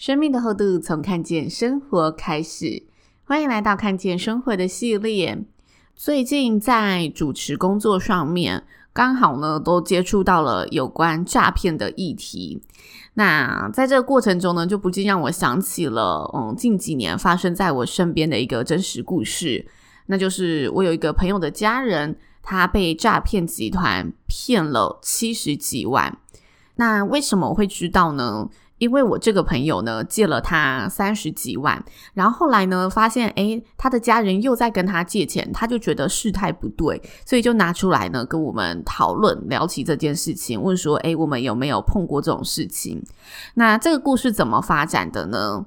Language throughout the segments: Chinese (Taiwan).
生命的厚度從看見生活開始，歡迎來到看見生活的系列。最近在主持工作上面，剛好呢都接觸到了有關詐騙的議題。那在這個過程中呢，就不禁讓我想起了，嗯，近幾年發生在我身邊的一個真實故事，那就是我有一個朋友的家人，他被詐騙集團騙了七十幾萬。那為什麼我會知道呢？因為我這個朋友呢借了他三十幾萬，然後後來呢發現，誒他的家人又在跟他借錢，他就覺得事態不對，所以就拿出來呢跟我們討論，聊起這件事情，問說，誒，我們有沒有碰過這種事情？那這個故事怎麼發展的呢？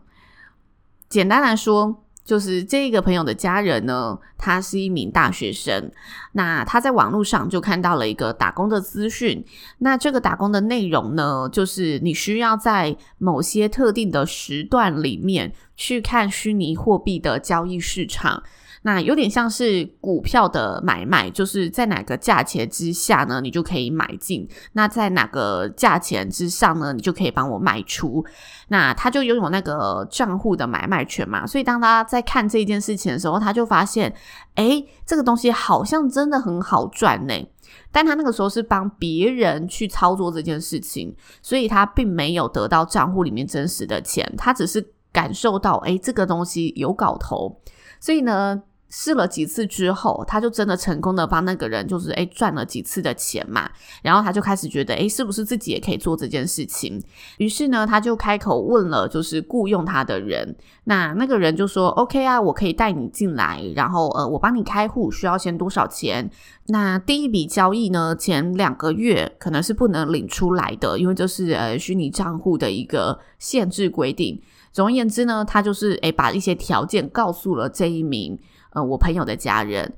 簡單來說。就是這個朋友的家人呢，他是一名大學生。那他在網絡上就看到了一個打工的資訊。那這個打工的內容呢，就是你需要在某些特定的時段裡面去看虛擬貨幣的交易市場。那有點像是股票的買賣，就是在哪個價錢之下呢，你就可以買進；那在哪個價錢之上呢，你就可以幫我賣出。那他就擁有那個賬戶的買賣權嘛，所以當他在看這件事情的時候，他就發現，誒，這個東西好像真的很好賺欸。但他那個時候是幫別人去操作這件事情，所以他並沒有得到賬戶裡面真實的錢，他只是感受到，誒，這個東西有搞頭，所以呢。試了幾次之後，他就真的成功地幫那個人，就是誒賺了幾次的錢嘛，然後他就開始覺得誒是不是自己也可以做這件事情，於是呢他就開口問了，就是雇傭他的人，那那個人就說 OK 啊，我可以帶你進來，然後呃我幫你開戶需要先多少錢？那第一筆交易呢前兩個月可能是不能領出來的，因為這是呃虛擬賬戶的一個限制規定。總而言之呢，他就是誒把一些條件告訴了這一名。呃、嗯，我朋友的家人，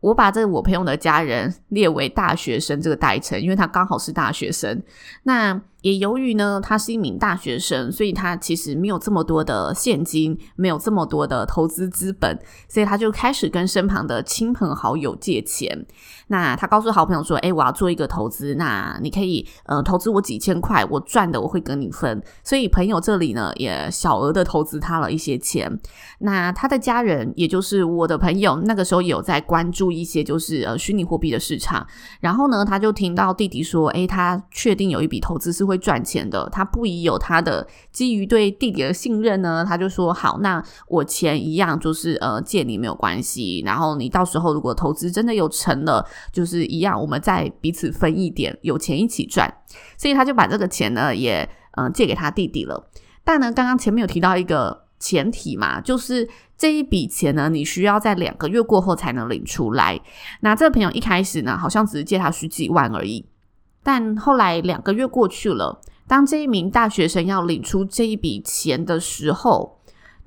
我把這個我朋友的家人列為大學生這個代稱，因為他剛好是大學生。那。也由於呢，他是一名大學生，所以他其實沒有這麼多的現金，沒有這麼多的投資資本，所以他就開始跟身旁的親朋好友借錢。那他告訴好朋友說：“哎，我要做一個投資，那你可以呃投資我幾千塊，我賺的我會跟你分。”所以朋友這裡呢也小額的投資他了一些錢。那他的家人，也就是我的朋友，那個時候也有在關注一些就是呃虛擬貨幣的市場，然後呢他就聽到弟弟說：“哎，他確定有一筆投資是。”會賺錢的，他不疑有他的，基於對弟弟的信任呢，他就說好，那我錢一樣，就是呃借你沒有關係，然後你到時候如果投資真的有成了，就是一樣，我們再彼此分一點，有錢一起賺。所以他就把這個錢呢也嗯、呃、借給他弟弟了。但呢，剛剛前面有提到一個前提嘛，就是這一筆錢呢，你需要在兩個月過後才能領出來。那這個朋友一開始呢，好像只是借他十幾萬而已。但後來兩個月過去了，當這一名大學生要領出這一筆錢的時候。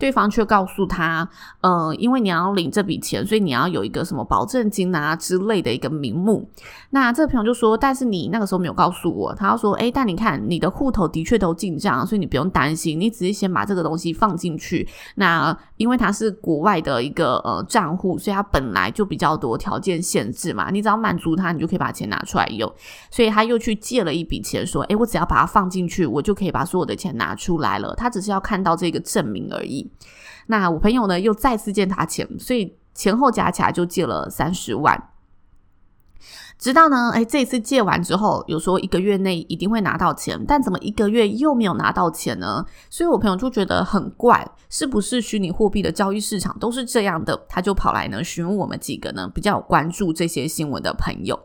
對方卻告訴他：“嗯、呃，因為你要領這筆錢，所以你要有一個什麼保證金啊之類的一個名目。”那這個朋友就說：“但是你那個時候沒有告訴我。”他要說：“哎，但你看你的戶頭的確都進賬，所以你不用擔心，你只是先把這個東西放進去。那因為他是國外的一個呃賬戶，所以他本來就比較多條件限制嘛。你只要滿足他，你就可以把錢拿出來用。所以他又去借了一筆錢，說：“哎，我只要把它放進去，我就可以把所有的錢拿出來了。”他只是要看到這個證明而已。那我朋友呢又再次借他錢，所以前後加起來就借了三十萬。直到呢，誒，這次借完之後，有說一個月內一定會拿到錢，但怎麼一個月又沒有拿到錢呢？所以我朋友就覺得很怪，是不是虛擬貨幣的交易市場都是這樣的？他就跑來呢詢問我們幾個呢比較有關注這些新聞的朋友。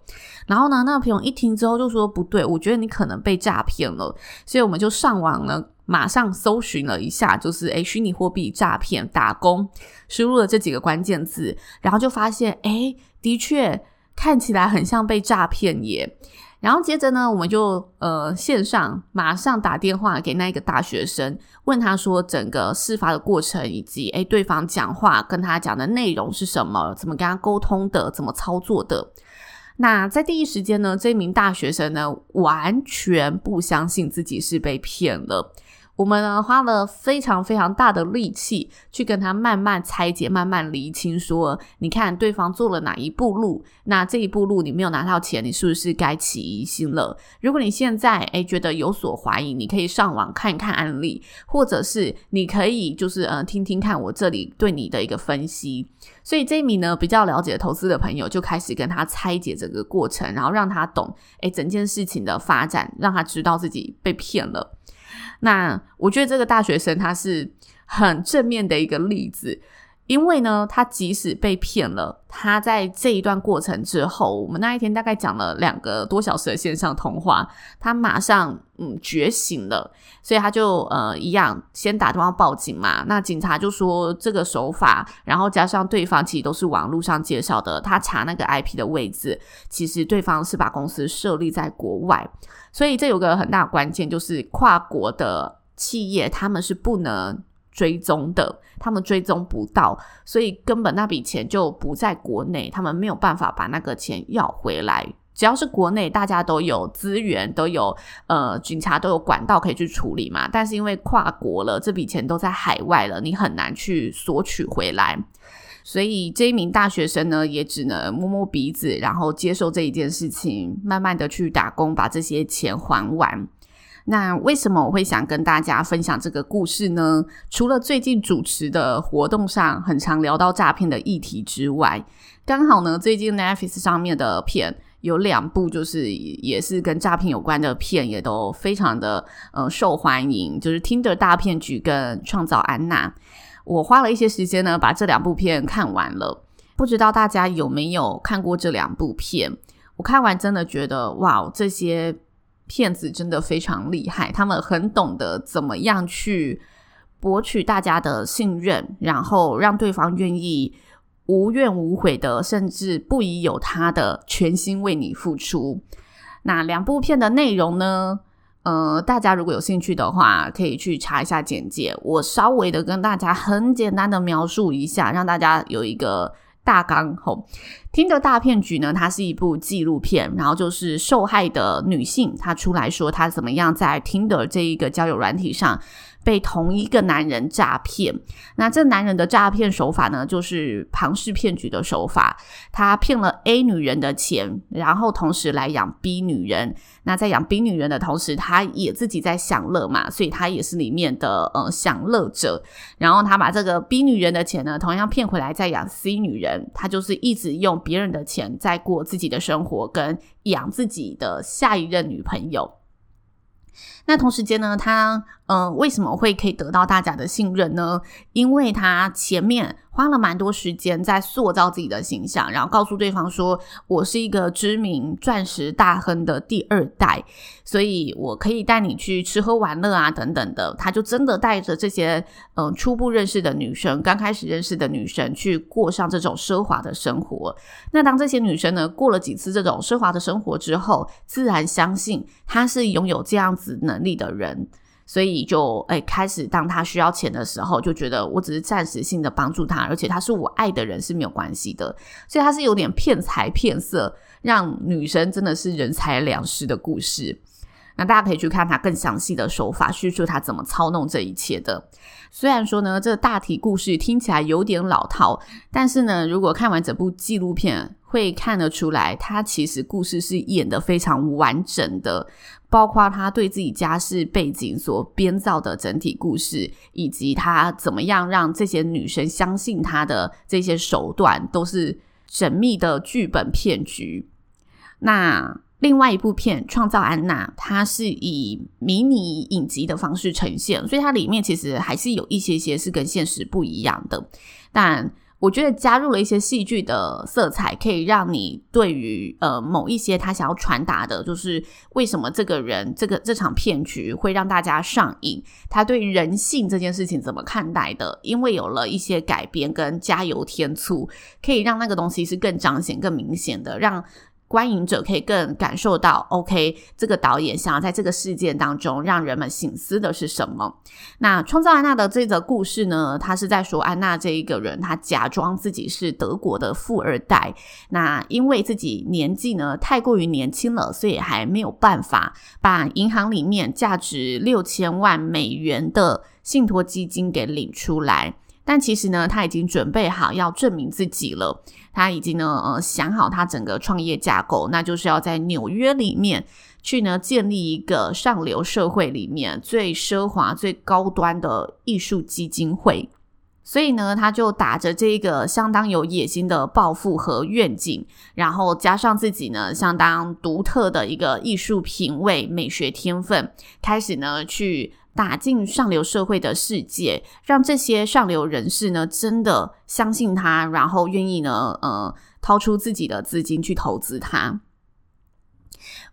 然後呢，那朋友一聽之後就說：“不對，我覺得你可能被詐騙了。”所以我們就上網呢。馬上搜尋了一下，就是哎，虛擬貨幣詐騙打工，輸入了這幾個關鍵字，然後就發現誒，的確看起來很像被詐騙耶。然後接着呢，我們就呃線上馬上打電話給那個大學生，問他說整個事發的過程以及誒，對方講話跟他講的內容是什麼，怎麼跟他溝通的，怎麼操作的。那在第一時間呢，這一名大學生呢完全不相信自己是被騙了。我們呢花了非常非常大的力氣去跟他慢慢拆解、慢慢釐清，說你看對方做了哪一步路，那這一步路你沒有拿到錢，你是不是該起疑心了？如果你現在誒覺得有所懷疑，你可以上網看一看案例，或者是你可以就是呃聽聽看我這裡對你的一個分析。所以這一名呢比較了解投資的朋友就開始跟他拆解這個過程，然後讓他懂誒整件事情的發展，讓他知道自己被騙了。那我覺得這個大學生他是很正面的一個例子，因為呢，他即使被騙了，他在這一段過程之後，我們那一天大概講了兩個多小時的線上通話，他馬上嗯覺醒了，所以他就呃一樣先打電話報警嘛。那警察就說這個手法，然後加上對方其實都是網絡上介紹的，他查那個 IP 的位置，其實對方是把公司設立在國外。所以這有個很大的關鍵，就是跨國的企業他們是不能追蹤的，他們追蹤不到，所以根本那筆錢就不在國內，他們沒有辦法把那個錢要回來。只要是國內，大家都有資源，都有呃警察都有管道可以去處理嘛。但是因為跨國了，這筆錢都在海外了，你很難去索取回來。所以這一名大學生呢，也只能摸摸鼻子，然後接受這一件事情，慢慢的去打工，把這些錢還完。那為什麼我會想跟大家分享這個故事呢？除了最近主持的活動上，很常聊到詐騙的議題之外，剛好呢，最近 Netflix 上面的片有兩部，就是也是跟詐騙有關的片，也都非常的嗯、呃、受歡迎，就是《Tinder 大騙局》跟《創造安娜》。我花了一些時間呢，把這兩部片看完了。不知道大家有沒有看過這兩部片？我看完真的覺得，哇，這些騙子真的非常厲害，他們很懂得怎麼樣去博取大家的信任，然後讓對方願意無怨無悔的，甚至不疑有他的，全心為你付出。那兩部片的內容呢？呃，大家如果有興趣的話，可以去查一下簡介。我稍微的跟大家很簡單的描述一下，讓大家有一個大綱。吼，Tinder 大騙局呢，它是一部紀錄片，然後就是受害的女性，她出來說她怎麼樣在 Tinder 這一個交友軟體上，被同一個男人詐騙，那這男人的詐騙手法呢，就是龐氏騙局的手法。他騙了 A 女人的錢，然後同時來養 B 女人。那在養 B 女人的同時，他也自己在享樂嘛，所以他也是裡面的呃享樂者。然後他把這個 B 女人的錢呢，同樣騙回來再養 C 女人。他就是一直用別人的錢在過自己的生活，跟養自己的下一任女朋友。那同時間呢，他嗯、呃、為什麼會可以得到大家的信任呢？因為他前面花了蠻多時間在塑造自己的形象，然後告訴對方說，我是一個知名鑽石大亨的第二代，所以我可以帶你去吃喝玩樂啊等等的。他就真的帶着這些嗯、呃、初步認識的女生，剛開始認識的女生去過上這種奢華的生活。那當這些女生呢，過了幾次這種奢華的生活之後，自然相信他是擁有這樣子能。能力的人，所以就誒、欸、開始當他需要錢的時候，就覺得我只是暫時性的幫助他，而且他是我愛的人，是沒有關係的，所以他是有點騙財騙色，讓女生真的是人財兩失的故事。那大家可以去看他更詳細的手法敘述，他怎麼操弄這一切的。雖然說呢，這大體故事聽起來有點老套，但是呢，如果看完整部紀錄片，會看得出來，他其實故事是演得非常完整的，包括他對自己家世背景所編造的整體故事，以及他怎麼樣讓這些女生相信他的這些手段，都是縝密的劇本騙局。那。另外一部片《創造安娜》，它是以迷你影集的方式呈現，所以它裡面其實還是有一些些是跟現實不一樣的。但我覺得加入了一些戲劇的色彩，可以讓你對於呃某一些他想要傳達的，就是為什麼這個人這個這場騙局會讓大家上癮，他對人性這件事情怎麼看待的。因為有了一些改編跟加油添醋，可以讓那個東西是更彰顯、更明顯的，讓觀影者可以更感受到，OK，這個導演想要在這個事件當中讓人們省思的是什麼？那創造安娜的這個故事呢？他是在說安娜這一個人，他假裝自己是德國的富二代，那因為自己年紀呢太過於年輕了，所以還沒有辦法把銀行裡面價值六千萬美元的信託基金給領出來。但其實呢，他已經準備好要證明自己了。他已經呢、呃，想好他整個創業架構，那就是要在紐約裡面去呢，建立一個上流社會裡面最奢華、最高端的藝術基金會。所以呢，他就打着這個相當有野心的抱負和願景，然後加上自己呢，相當獨特的一個藝術品味、美學天分，開始呢去。打進上流社會的世界，讓這些上流人士呢真的相信他，然後願意呢，嗯，掏出自己的資金去投資他。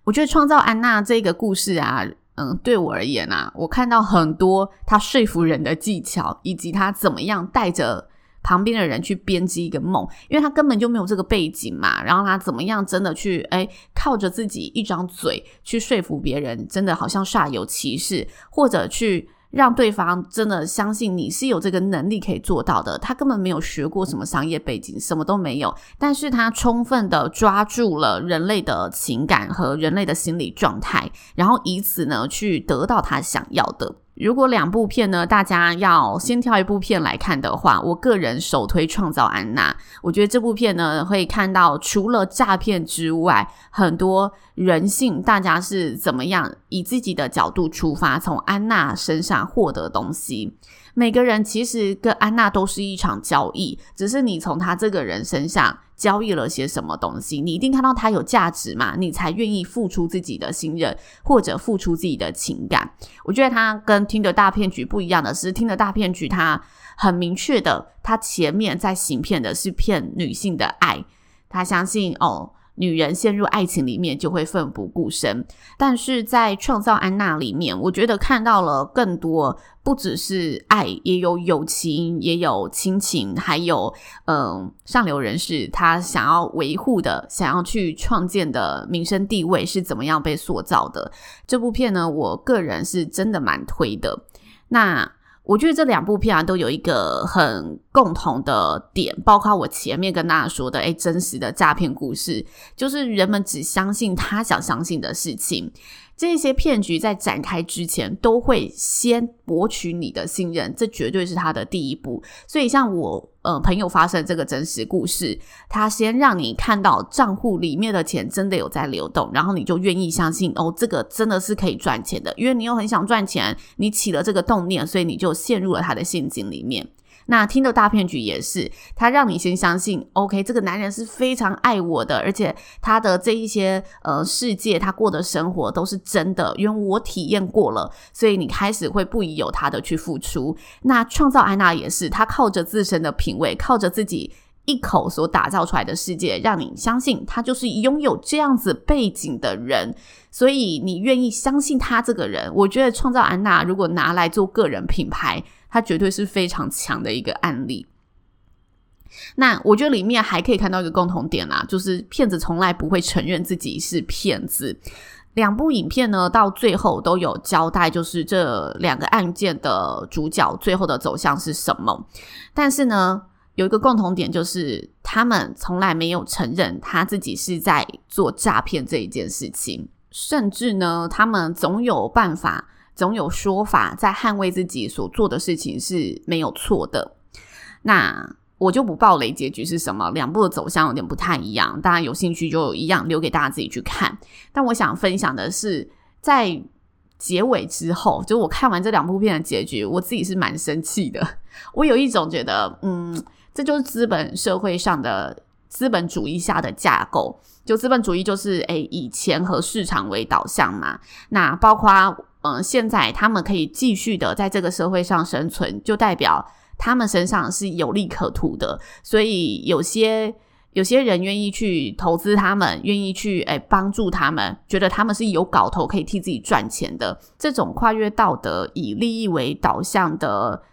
我覺得創造安娜這個故事啊，嗯，對我而言啊，我看到很多他說服人的技巧，以及他怎麼樣帶着。旁邊的人去編輯一個夢，因為他根本就沒有這個背景嘛。然後他怎麼樣真的去哎、欸，靠着自己一張嘴去說服別人，真的好像煞有其事，或者去讓對方真的相信你是有這個能力可以做到的。他根本沒有學過什麼商業背景，什麼都沒有，但是他充分的抓住了人類的情感和人類的心理狀態，然後以此呢去得到他想要的。如果兩部片呢，大家要先挑一部片來看的話，我個人首推《創造安娜》。我覺得這部片呢，會看到除了詐騙之外，很多人性，大家是怎麼樣以自己的角度出發，從安娜身上獲得東西。每個人其實跟安娜都是一場交易，只是你從他這個人身上交易了些什麼東西，你一定看到他有價值嘛，你才願意付出自己的信任，或者付出自己的情感。我覺得他跟 Tinder 大騙徒不一樣的是，是 Tinder 大騙徒他很明確的，他前面在行騙的是騙女性的愛，他相信哦。女人陷入愛情裡面就會奮不顧身，但是在《創造安娜》裡面，我覺得看到了更多，不只是愛，也有友情，也有親情，還有嗯、呃，上流人士他想要維護的、想要去創建的名聲地位是怎麼樣被塑造的。這部片呢，我個人是真的蠻推的。那我覺得這兩部片啊，都有一個很。共同的點，包括我前面跟大家說的，誒、欸，真實的詐騙故事就是人們只相信他想相信的事情。這些騙局在展開之前，都會先博取你的信任，這絕對是他的第一步。所以，像我呃朋友發生這個真實故事，他先讓你看到賬戶裡面的錢真的有在流動，然後你就願意相信哦，這個真的是可以賺錢的，因為你又很想賺錢，你起了這個動念，所以你就陷入了他的陷阱裡面。那 Tinder 大騙徒也是，他讓你先相信，OK，這個男人是非常愛我的，而且他的這一些呃世界，他過的生活都是真的，因為我體驗過了，所以你開始會不疑有他的去付出。那創造安娜也是，他靠着自身的品味，靠着自己。一口所打造出來的世界，讓你相信他就是擁有這樣子背景的人，所以你願意相信他這個人。我覺得創造安娜如果拿來做個人品牌，他絕對是非常強的一個案例。那我覺得裡面還可以看到一個共同點啦、啊，就是騙子從來不會承認自己是騙子。兩部影片呢，到最後都有交代，就是這兩個案件的主角最後的走向是什麼。但是呢，有一個共同點，就是他們從來沒有承認他自己是在做詐騙這一件事情，甚至呢，他們總有辦法、總有說法，在捍衛自己所做的事情是沒有錯的。那我就不爆雷結局是什麼，兩部的走向有點不太一樣，大家有興趣就一樣留給大家自己去看。但我想分享的是，在結尾之後，就我看完這兩部片的結局，我自己是蠻生氣的，我有一種覺得，嗯。這就是資本社會上的資本主義下的架構。就資本主義就是，哎，以錢和市場為導向嘛。那包括，嗯、呃，現在他們可以繼續的在這個社會上生存，就代表他們身上是有利可圖的。所以有些有些人願意去投資他們，願意去，哎，幫助他們，覺得他們是有搞頭可以替自己賺錢的。這種跨越道德、以利益為導向的。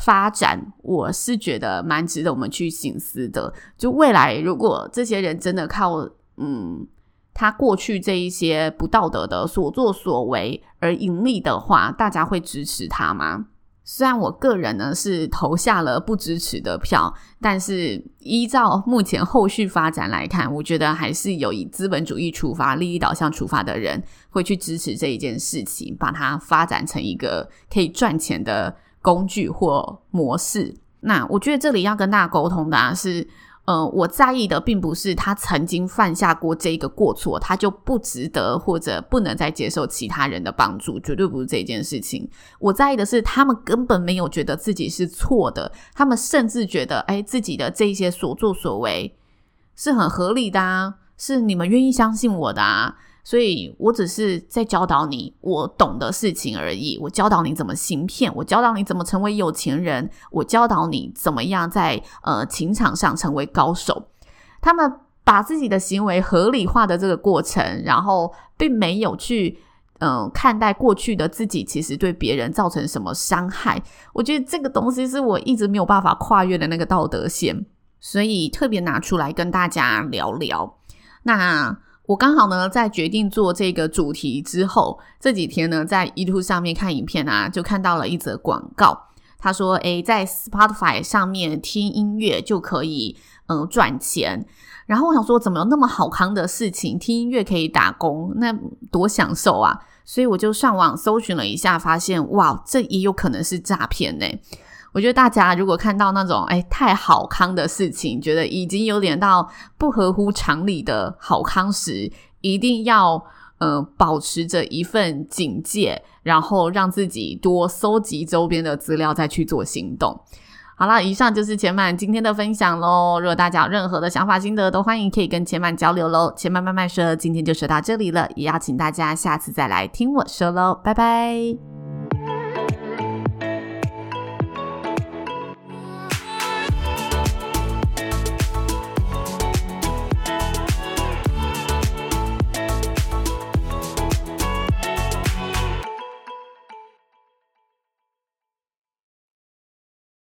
發展，我是覺得蠻值得我們去省思的。就未來，如果這些人真的靠嗯他過去這一些不道德的所作所為而盈利的話，大家會支持他嗎？雖然我個人呢是投下了不支持的票，但是依照目前後續發展來看，我覺得還是有以資本主義出發、利益導向出發的人會去支持這一件事情，把它發展成一個可以賺錢的工具或模式，那我覺得這裡要跟大家溝通的啊，是呃，我在意的並不是他曾經犯下過這個過錯，他就不值得或者不能再接受其他人的幫助，絕對不是這件事情。我在意的是，他們根本沒有覺得自己是錯的，他們甚至覺得，哎，自己的這些所作所為是很合理的啊，是你們願意相信我的啊。所以我只是在教導你我懂的事情而已。我教導你怎麼行騙，我教導你怎麼成為有錢人，我教導你怎麼樣在呃情場上成為高手。他們把自己的行為合理化的這個過程，然後並沒有去嗯、呃、看待過去的自己其實對別人造成什麼傷害。我覺得這個東西是我一直沒有辦法跨越的那個道德線，所以特別拿出來跟大家聊聊。那。我剛好呢，在決定做這個主題之後，這幾天呢，在 YouTube 上面看影片啊，就看到了一則廣告。他說：“哎，在 Spotify 上面聽音樂就可以嗯、呃、賺錢。”然後我想說，怎麼有那麼好康的事情？聽音樂可以打工，那多享受啊！所以我就上網搜尋了一下，發現哇，這也有可能是詐騙呢、欸。我覺得大家如果看到那種、哎、太好康的事情，覺得已經有點到不合乎常理的好康時，一定要嗯、呃、保持着一份警戒，然後讓自己多蒐集周邊的資料，再去做行動。好啦，以上就是千嫚今天的分享嘍。如果大家有任何的想法心得，都歡迎可以跟千嫚交流嘍。千嫚慢慢說，今天就說到這裡了，也邀請大家下次再來聽我說嘍，拜拜。